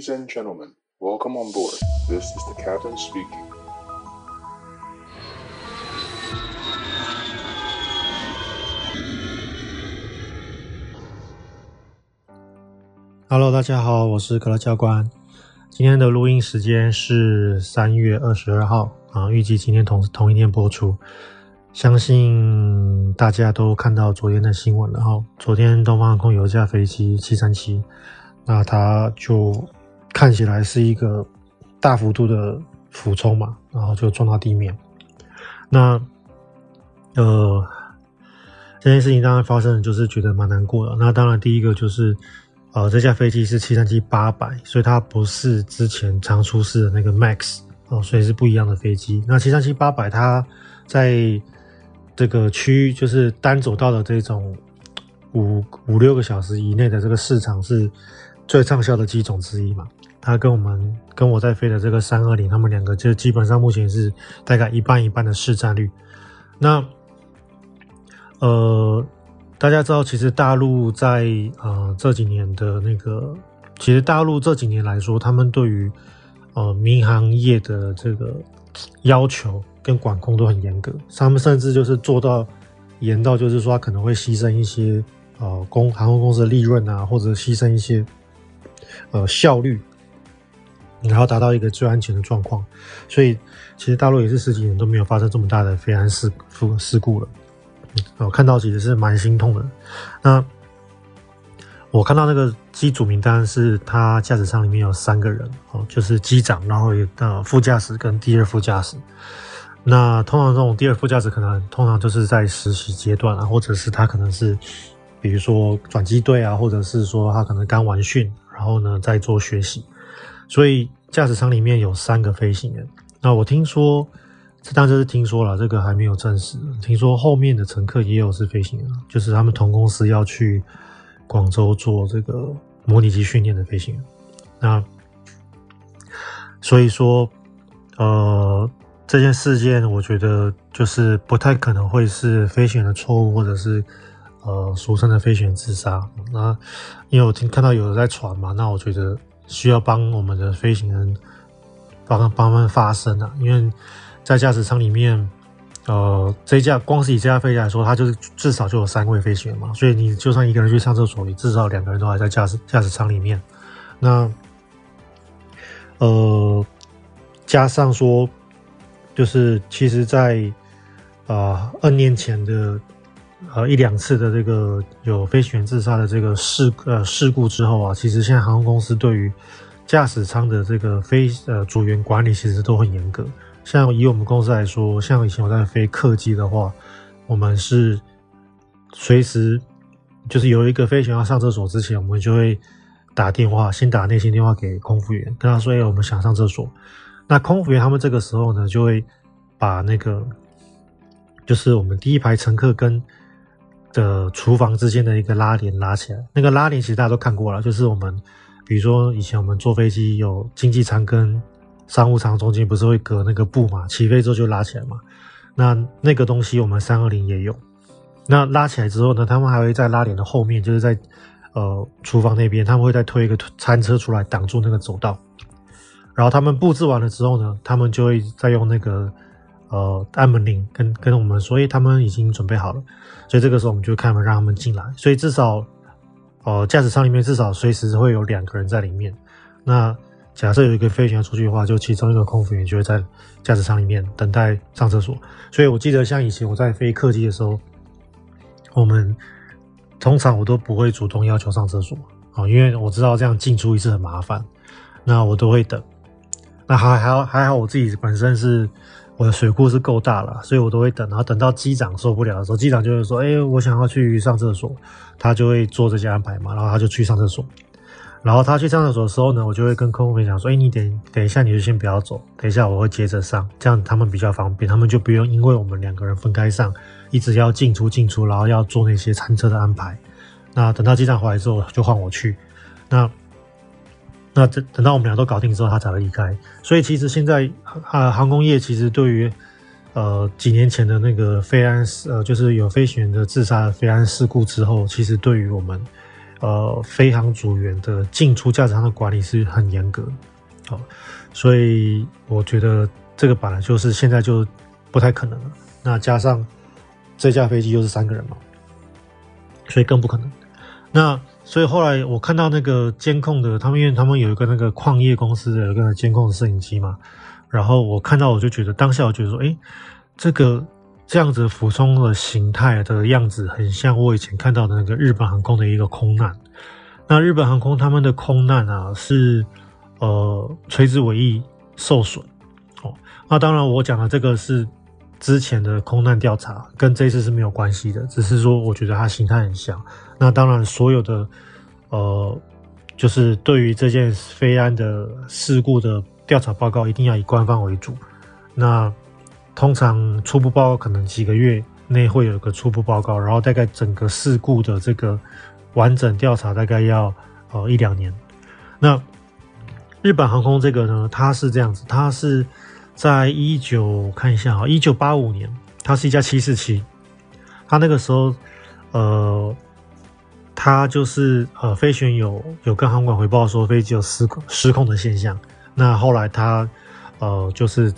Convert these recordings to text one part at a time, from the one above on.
Ladies and gentlemen, welcome on board. This is the captain speaking. Hello, 大家好，我是可樂教官。今天的錄音時間是三月二十二號啊，預計今天同同一天播出。相信大家都看到昨天的新聞了哈。昨天東方航空有一架飛機七三七，那它就看起來是一個大幅度的俯衝嘛，然後就撞到地面。那呃，這件事情當然發生了，就是覺得蠻難過的。那當然，第一個就是，呃，這架飛機是七三七八百，所以它不是之前常出事的那個 MAX 哦、呃，所以是不一樣的飛機。那七三七八百它在這個區域，就是單走道的這種五五六個小時以內的這個市場是。最暢銷的機種之一嘛，他跟我們跟我在飛的這個三二零，他們兩個就基本上目前是大概一半一半的市占率。那呃，大家知道，其實大陸在呃這幾年的那個，其實大陸這幾年來說，他們對於呃民航業的這個要求跟管控都很嚴格，他們甚至就是做到嚴到就是說，它可能會犧牲一些呃公航空公司的利潤啊，或者犧牲一些。呃，效率，然後達到一個最安全的狀況，所以其實大陸也是十幾年都沒有發生這麼大的飛安事事故事故了。我、呃、看到其實是蠻心痛的。那我看到那個機組名單是，他駕駛艙裡面有三個人，哦、呃，就是機長，然後也到副駕駛跟第二副駕駛。那通常這種第二副駕駛可能通常就是在實習階段啊，或者是他可能是比如說轉機隊啊，或者是說他可能剛完訓。然後呢，再做學習。所以駕駛艙裡面有三個飛行員。那我聽說，這當時是聽說了，這個還沒有證實。聽說後面的乘客也有是飛行員，就是他們同公司要去廣州做這個模擬機訓練的飛行員。那所以說，呃，這件事件我覺得就是不太可能會是飛行員的錯誤，或者是。呃，俗稱的飛行員自殺。那因為我聽看到有人在傳嘛，那我覺得需要幫我們的飛行員幫他幫他們發聲啊。因為在駕駛艙裡面，呃，這一架光是以這一架飛機來說，它就是至少就有三位飛行員嘛，所以你就算一個人去上廁所，你至少兩個人都還在駕駛駕駛艙裡面。那呃，加上說，就是其實在，在、呃、啊，二年前的。呃，一兩次的這個有飛行員自殺的這個事呃事故之後啊，其實現在航空公司對於駕駛艙的這個飛呃組員管理其實都很嚴格。像以我們公司來說，像以前我在飛客機的話，我們是隨時就是有一個飛行員要上廁所之前，我們就會打電話，先打內線電話給空服員，跟他說：“哎、欸，我們想上廁所。”那空服員他們這個時候呢，就會把那個就是我們第一排乘客跟的廚房之間的一個拉簾拉起來，那個拉簾其實大家都看過了，就是我們，比如說以前我們坐飛機有經濟艙跟商務艙中間不是會隔那個布嘛，起飛之後就拉起來嘛。那那個東西我們三二零也有。那拉起來之後呢，他們還會在拉簾的後面，就是在呃廚房那邊，他們會再推一個餐車出來擋住那個走道。然後他們布置完了之後呢，他們就會再用那個。呃，按門鈴跟跟我們說，以、欸、他們已經準備好了，所以這個時候我們就開門讓他們進來。所以至少，呃，駕駛艙裡面至少隨時會有兩個人在裡面。那假設有一個飛行員出去的話，就其中一個空服員就會在駕駛艙裡面等待上廁所。所以我記得，像以前我在飛客機的時候，我們通常我都不會主動要求上廁所啊、呃，因為我知道這樣進出一次很麻煩，那我都會等。那還還還好，我自己本身是，我的水庫是夠大了，所以我都會等，然後等到機長受不了的時候，機長就會說：“欸，我想要去上廁所。”他就會做這些安排嘛，然後他就去上廁所。然後他去上廁所的時候呢，我就會跟空服員講說：“欸，你等等一下，你就先不要走，等一下我會接着上，這樣他們比較方便，他們就不用因為我們兩個人分開上，一直要進出進出，然後要做那些餐車的安排。那等到機長回來之後，就換我去。那那等等到我們倆都搞定之後，他才會離開。所以其實現在，啊，航空業其實對於，呃，幾年前的那個飛安，呃，就是有飛行員的自殺飛安事故之後，其實對於我們，呃，飛航組員的進出駕駛艙的管理是很嚴格。好、哦，所以我覺得這個本來就是現在就不太可能了。那加上這架飛機又是三個人嘛，所以更不可能。那。所以後來我看到那個監控的，他們因為他們有一個那個礦業公司的一個監控的攝影機嘛，然後我看到我就覺得，當下我覺得說，哎、欸，這個這樣子俯衝的形態的樣子，很像我以前看到的那個日本航空的一個空難。那日本航空他們的空難啊，是呃垂直尾翼受損。哦，那當然我講的這個是。之前的空難調查跟這次是沒有關係的，只是說我覺得它形態很像。那當然，所有的呃，就是對於這件飛安的事故的調查報告，一定要以官方為主。那通常初步報告可能幾個月內會有個初步報告，然後大概整個事故的這個完整調查大概要呃一兩年。那日本航空這個呢，它是這樣子，它是。在一九我看一下啊、喔，一九八五年，它是一架七四七，它那個時候，呃，它就是呃，飛行員有有跟航管回報說飛機有失失控的現象，那後來它呃就是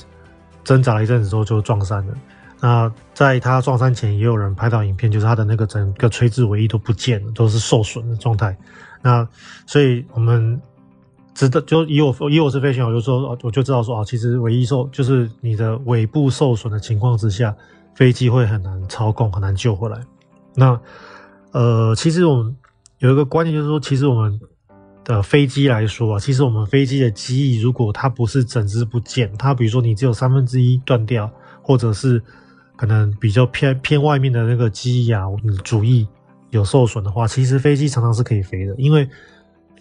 掙扎了一陣子之後就撞山了。那在它撞山前，也有人拍到影片，就是它的那個整個垂直尾翼都不見了，都是受損的狀態。那所以我們。值得就以我以我是飛行員，我就說我就知道說啊，其實尾翼受就是你的尾部受損的情況之下，飛機會很難操控，很難救回來。那呃，其實我們有一個觀念就是說，其實我們的飛機來說啊，其實我們飛機的機翼如果它不是整隻不見，它比如說你只有三分之一斷掉，或者是可能比較偏偏外面的那個機翼啊，主翼有受損的話，其實飛機常常是可以飛的，因為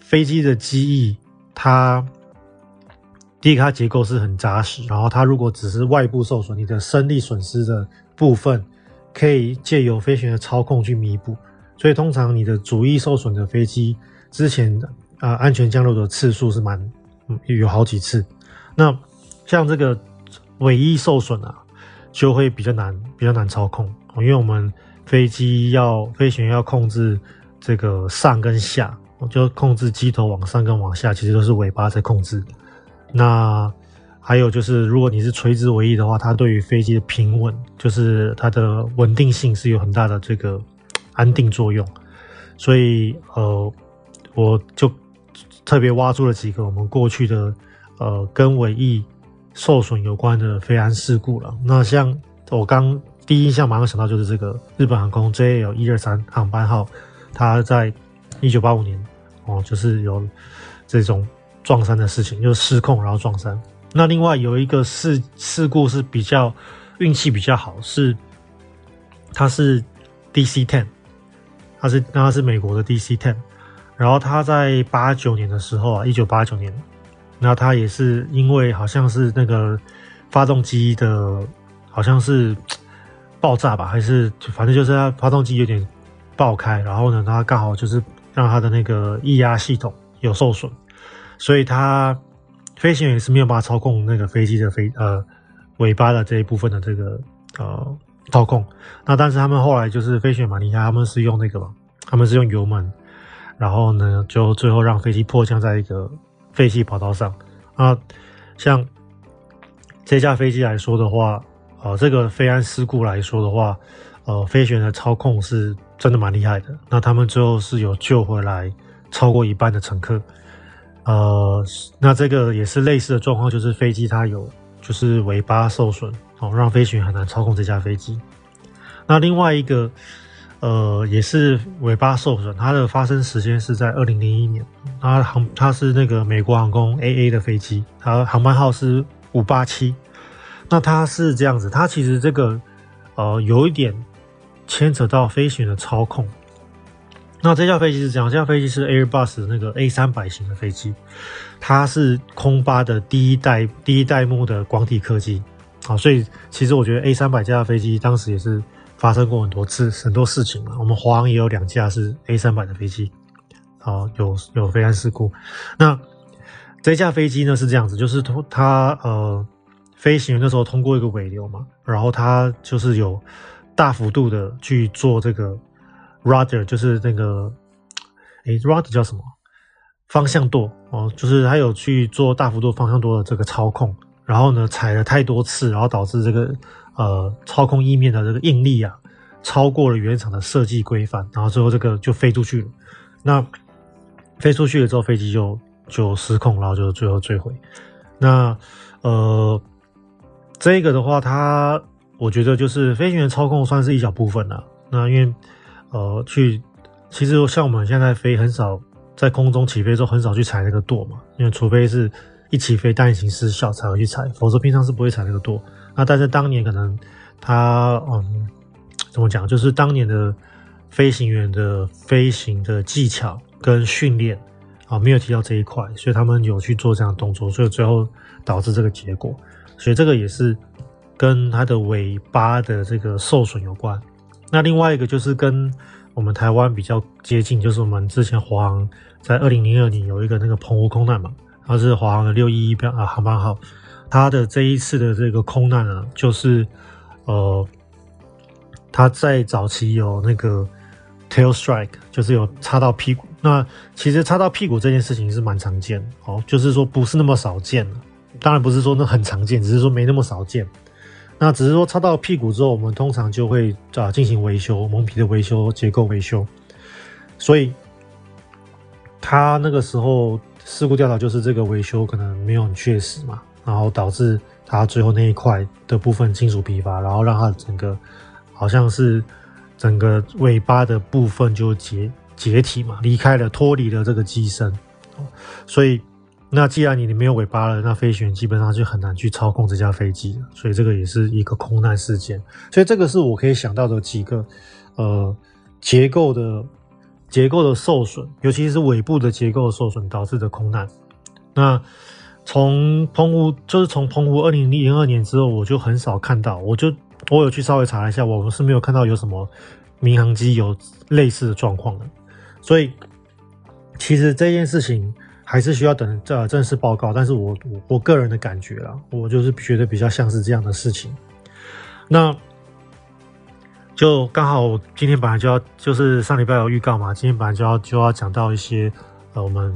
飛機的機翼。它低卡結構是很扎實，然後它如果只是外部受損，你的升力損失的部分可以借由飛行的操控去彌補，所以通常你的主翼受損的飛機，之前啊、呃、安全降落的次數是蠻有好幾次。那像這個尾翼受損啊，就會比較難比較難操控，因為我們飛機要飛行要控制這個上跟下。就控制機頭往上跟往下，其實都是尾巴在控制。那還有就是，如果你是垂直尾翼的話，它對於飛機的平穩，就是它的穩定性是有很大的這個安定作用。所以呃，我就特別挖出了幾個我們過去的呃跟尾翼受損有關的飛安事故了。那像我剛第一印象馬上想到就是這個日本航空 JL 一二三航班號，它在一九八五年。哦，就是有這種撞山的事情，就是、失控然後撞山。那另外有一個事事故是比較運氣比較好，是它是 DC-10，它是那他是美國的 DC-10，然後它在八九年的時候啊，一九八九年，那它也是因為好像是那個發動機的，好像是爆炸吧，還是反正就是它發動機有點爆開，然後呢，它剛好就是。讓他的那個液壓系統有受損，所以他飛行員是沒有辦法操控那個飛機的飛呃尾巴的這一部分的這個呃操控。那但是他們後來就是飛行員蠻厲害，他們是用那個嘛，他們是用油門，然後呢就最後讓飛機迫降在一個廢棄跑道上。那像這架飛機來說的話，呃，這個飛安事故來說的話，呃飛行員的操控是。真的蠻厲害的。那他們最後是有救回來超過一半的乘客。呃，那這個也是類似的狀況，就是飛機它有就是尾巴受損，哦，讓飛行員很難操控這架飛機。那另外一個，呃，也是尾巴受損，它的發生時間是在二零零一年。它航它是那個美國航空 AA 的飛機，它航班號是五八七。那它是這樣子，它其實這個呃有一點。牽扯到飛行的操控，那這架飛機是這樣，這架飛機是 Airbus 那個 A 三百型的飛機，它是空巴的第一代，第一代末的廣體客機啊，所以其實我覺得 A 三百架飛機當時也是發生過很多次很多事情嘛，我們華航也有兩架是 A 三百的飛機啊，有有飛安事故。那這架飛機呢是這樣子，就是通它呃，飛行員的時候通過一個尾流嘛，然後它就是有。大幅度的去做這個 rudder，就是那個哎、欸、rudder 叫什麼？方向舵哦，就是他有去做大幅度方向舵的這個操控，然後呢踩了太多次，然後導致這個呃操控翼面的這個應力啊，超過了原廠的設計規範，然後最後這個就飛出去了。那飛出去了之後，飛機就就失控，然後就最後墜毀。那呃這個的話，它。我覺得就是飛行員操控算是一小部分啦。那因為呃去，其實像我們現在在飛，很少在空中起飛的時候很少去踩那個舵嘛，因為除非是一起飛單引擎失效才會去踩，否則平常是不會踩那個舵。那但是當年可能他嗯怎麼講，就是當年的飛行員的飛行的技巧跟訓練啊沒有提到這一塊，所以他們有去做這樣的動作，所以最後導致這個結果。所以這個也是。跟它的尾巴的這個受損有關。那另外一個就是跟我們台灣比較接近，就是我們之前華航在二零零二年有一個那個澎湖空難嘛，他是華航的六一一標啊航班號。它的這一次的這個空難呢，就是呃，它在早期有那個 tail strike，就是有插到屁股。那其實插到屁股這件事情是蠻常見的哦，就是說不是那麼少見。當然不是說那很常見，只是說沒那麼少見。那只是說擦到屁股之後，我們通常就會啊進行維修，蒙皮的維修、結構維修。所以，他那個時候事故調查就是這個維修可能沒有很確實嘛，然後導致他最後那一塊的部分金屬疲乏，然後讓他整個好像是整個尾巴的部分就解解體嘛，離開了脫離了這個機身，所以。那既然你沒有尾巴了，那飛行員基本上就很難去操控這架飛機，所以這個也是一個空難事件。所以這個是我可以想到的幾個，呃，結構的結構的受損，尤其是尾部的結構的受損導致的空難。那從澎湖，就是從澎湖二零零二年之後，我就很少看到，我就我有去稍微查了一下，我們是沒有看到有什麼民航機有類似的狀況的。所以其實這件事情。還是需要等這、呃、正式報告，但是我我，我個人的感覺啦，我就是覺得比較像是這樣的事情。那就剛好，今天本來就要，就是上禮拜有預告嘛，今天本來就要就要講到一些呃我們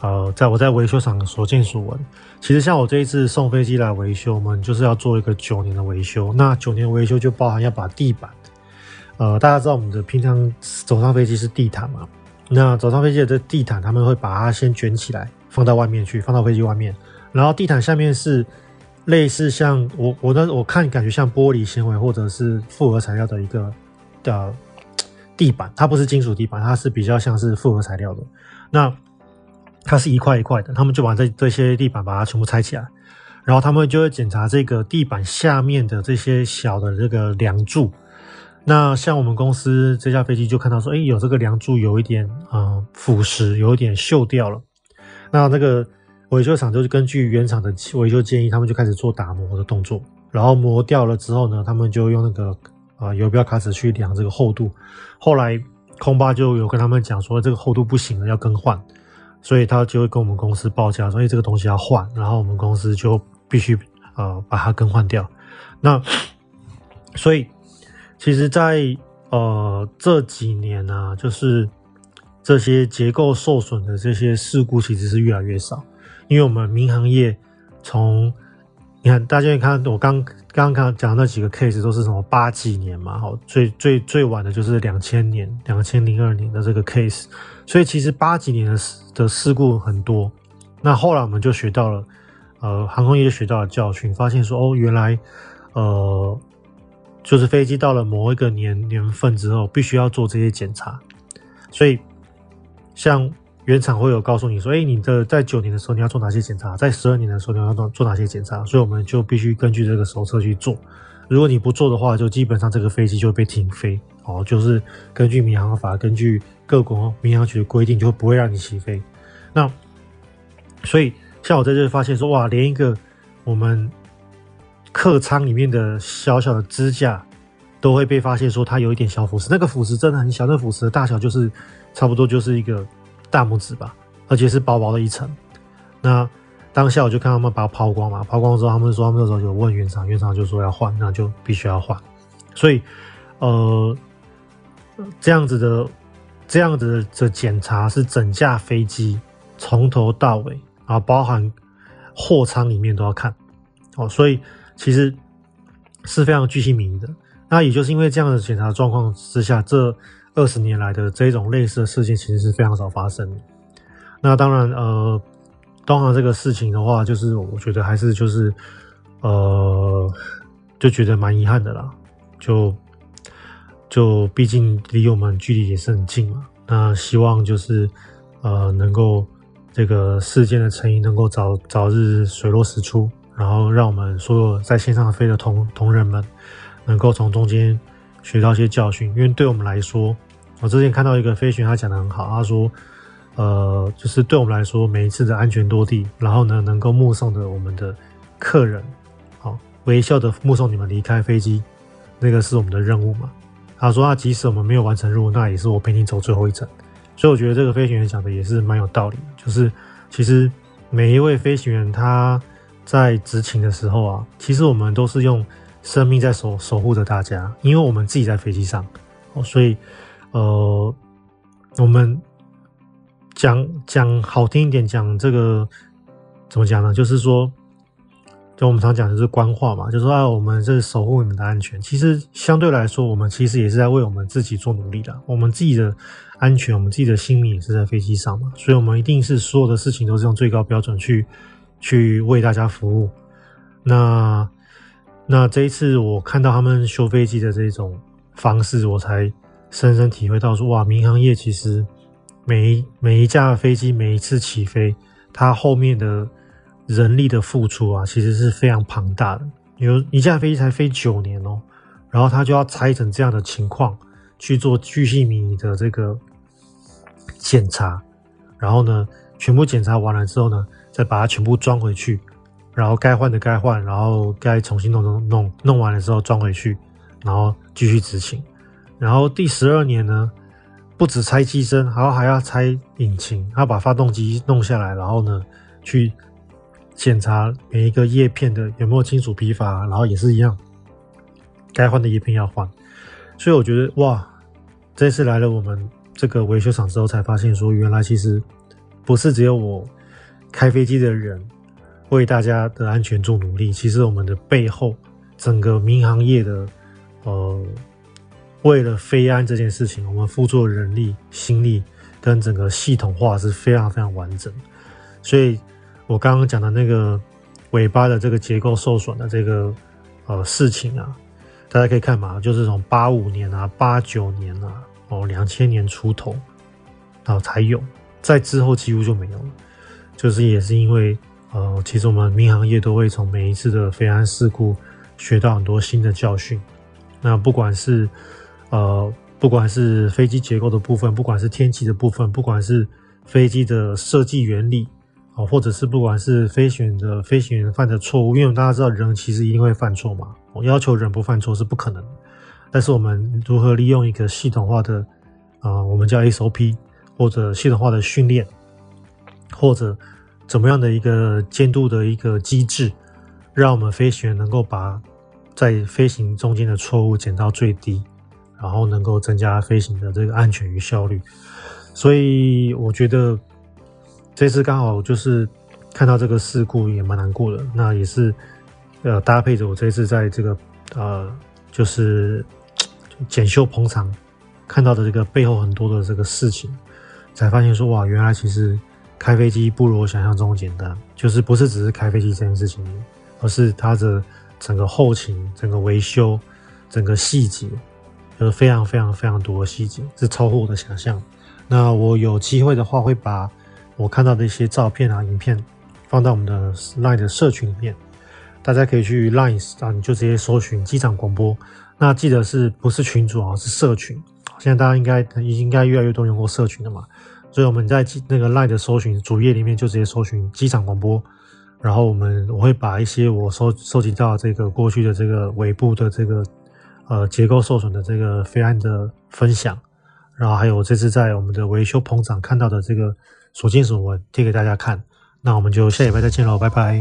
呃在我在維修廠所見所聞。其實像我這一次送飛機來維修，我們就是要做一個九年的維修。那九年維修就包含要把地板，呃，大家知道我們的平常走上飛機是地毯嘛。那早上飛機的這地毯，他們會把它先捲起來，放到外面去，放到飛機外面。然後地毯下面是類似像我我的我看感覺像玻璃纖維或者是複合材料的一個的地板，它不是金屬地板，它是比較像是複合材料的。那它是一塊一塊的，他們就把這這些地板把它全部拆起來，然後他們就會檢查這個地板下面的這些小的這個樑柱。那像我們公司這架飛機就看到說，哎、欸，有這個梁柱，有一點啊、呃、腐蝕，有一點鏽掉了。那這個維修廠就是根據原廠的維修建議，他們就開始做打磨的動作。然後磨掉了之後呢，他們就用那個啊、呃、游標卡尺，去量這個厚度。後來空巴就有跟他們講說，這個厚度不行了，要更換。所以他就會跟我們公司報價，說、欸、所以這個東西要換，然後我們公司就必須啊、呃、把它更換掉。那所以。其實在，在呃這幾年呢、啊，就是這些結構受損的這些事故，其實是越來越少。因為我們民航業從，你看大家看我剛剛剛講的那幾個 case，都是什麼八幾年嘛，好，最最最晚的就是兩千年、兩千零二年的這個 case。所以其實八幾年的的事故很多。那後來我們就學到了，呃，航空業學到了教訓，發現說哦，原來呃。就是飛機到了某一個年年份之後，必須要做這些檢查，所以像原廠會有告訴你說，哎、欸，你的在九年的時候你要做哪些檢查，在十二年的時候你要做做哪些檢查，所以我們就必須根據這個手冊去做。如果你不做的話，就基本上這個飛機就會被停飛，哦，就是根據民航法，根據各國民航局的規定，就不會讓你起飛。那所以像我在這裡發現說，哇，連一個我們。客艙裡面的小小的支架都會被發現，說它有一點小腐蝕。那個腐蝕真的很小，那腐蝕的大小就是差不多就是一個大拇指吧，而且是薄薄的一層。那當下我就看他們把它拋光嘛，拋光之後他、他們說他們那時候有問原廠，原廠就說要換，那就必須要換。所以，呃，這樣子的這樣子的檢查是整架飛機從頭到尾啊，然後包含貨艙裡面都要看哦，所以。其實是非常鉅細靡遺的。那也就是因為這樣的檢查狀況之下，這二十年來的這種類似的事情，其實是非常少發生的。那當然，呃，當然這個事情的話，就是我覺得還是就是呃，就覺得蠻遺憾的啦。就就畢竟離我們距離也是很近嘛。那希望就是呃，能夠這個事件的成因能夠早早日水落石出。然後讓我們所有在線上飛的同同仁們，能夠從中間學到一些教訓。因為對我們來說，我之前看到一個飛行員他講的很好，他說，呃，就是對我們來說，每一次的安全落地，然後呢，能夠目送着我們的客人，好、哦，微笑的目送你們離開飛機，那個是我們的任務嘛。他說，他即使我們沒有完成任務，那也是我陪你走最後一程。所以我覺得這個飛行員講的也是蠻有道理，就是其實每一位飛行員他。在執勤的時候啊，其實我們都是用生命在守守護着大家，因為我們自己在飛機上哦，所以呃，我們講講好聽一點，講這個怎麼講呢？就是說，就我們常講的是官話嘛，就是說，啊，我們是守護你們的安全。其實相對來說，我們其實也是在為我們自己做努力的，我們自己的安全，我們自己的性命也是在飛機上嘛，所以我們一定是所有的事情都是用最高標準去。去為大家服務。那那這一次我看到他們修飛機的這種方式，我才深深體會到說：哇，民航業其實每每一架飛機，每一次起飛，它後面的人力的付出啊，其實是非常龐大的。比如一架飛機才飛九年哦、喔，然後他就要拆成這樣的情況去做巨細靡遺的這個檢查，然後呢，全部檢查完了之後呢，再把它全部裝回去，然後該換的該換，然後該重新弄弄弄，弄完了之後裝回去，然後繼續執行。然後第十二年呢，不止拆機身，然後還要拆引擎，還要把發動機弄下來，然後呢去檢查每一個葉片的有沒有金屬疲乏，然後也是一樣，該換的葉片要換。所以我覺得哇，這次來了我們這個維修廠之後，才發現說原來其實不是只有我。開飛機的人為大家的安全做努力，其實我們的背後整個民航業的呃，為了飛安這件事情，我們付出的人力、心力跟整個系統化是非常非常完整。所以，我剛剛講的那個尾巴的這個結構受損的這個呃事情啊，大家可以看嘛，就是從八五年啊、八九年啊、哦兩千年出頭然後、啊、才有，在之後幾乎就沒有了。就是也是因為，呃，其實我們民航業都會從每一次的飛安事故學到很多新的教訓。那不管是呃，不管是飛機結構的部分，不管是天氣的部分，不管是飛機的設計原理，啊、呃，或者是不管是飛行員的飛行員犯的錯誤，因為大家知道人其實一定會犯錯嘛，我要求人不犯錯是不可能的。但是我們如何利用一個系統化的，啊、呃，我們叫 SOP 或者系統化的訓練。或者怎麼樣的一個監督的一個機制，讓我們飛行員能夠把在飛行中間的錯誤減到最低，然後能夠增加飛行的這個安全與效率。所以我覺得這次剛好就是看到這個事故也蠻難過的。那也是呃搭配着我這次在這個呃就是檢修棚廠，看到的這個背後很多的這個事情，才發現說哇，原來其實。開飛機不如我想象中簡單，就是不是只是開飛機這件事情，而是它的整個後勤、整個維修、整個細節，就是非常非常非常多的細節，是超乎我的想象。那我有機會的話，會把我看到的一些照片啊、影片放到我們的 Line 的社群裡面，大家可以去 Line，然、啊、你就直接搜尋機長廣播。那記得是不是群組，啊？是社群。現在大家應該已經應該越來越多用過社群了嘛。所以我們在機那個 LINE 的搜尋主頁裡面，就直接搜尋機長廣播。然後我們我會把一些我收收集到這個過去的這個尾部的這個呃結構受損的這個飛安的分享，然後還有這次在我們的維修棚廠看到的這個所見所聞，我貼給大家看。那我們就下禮拜再見嘍，拜拜。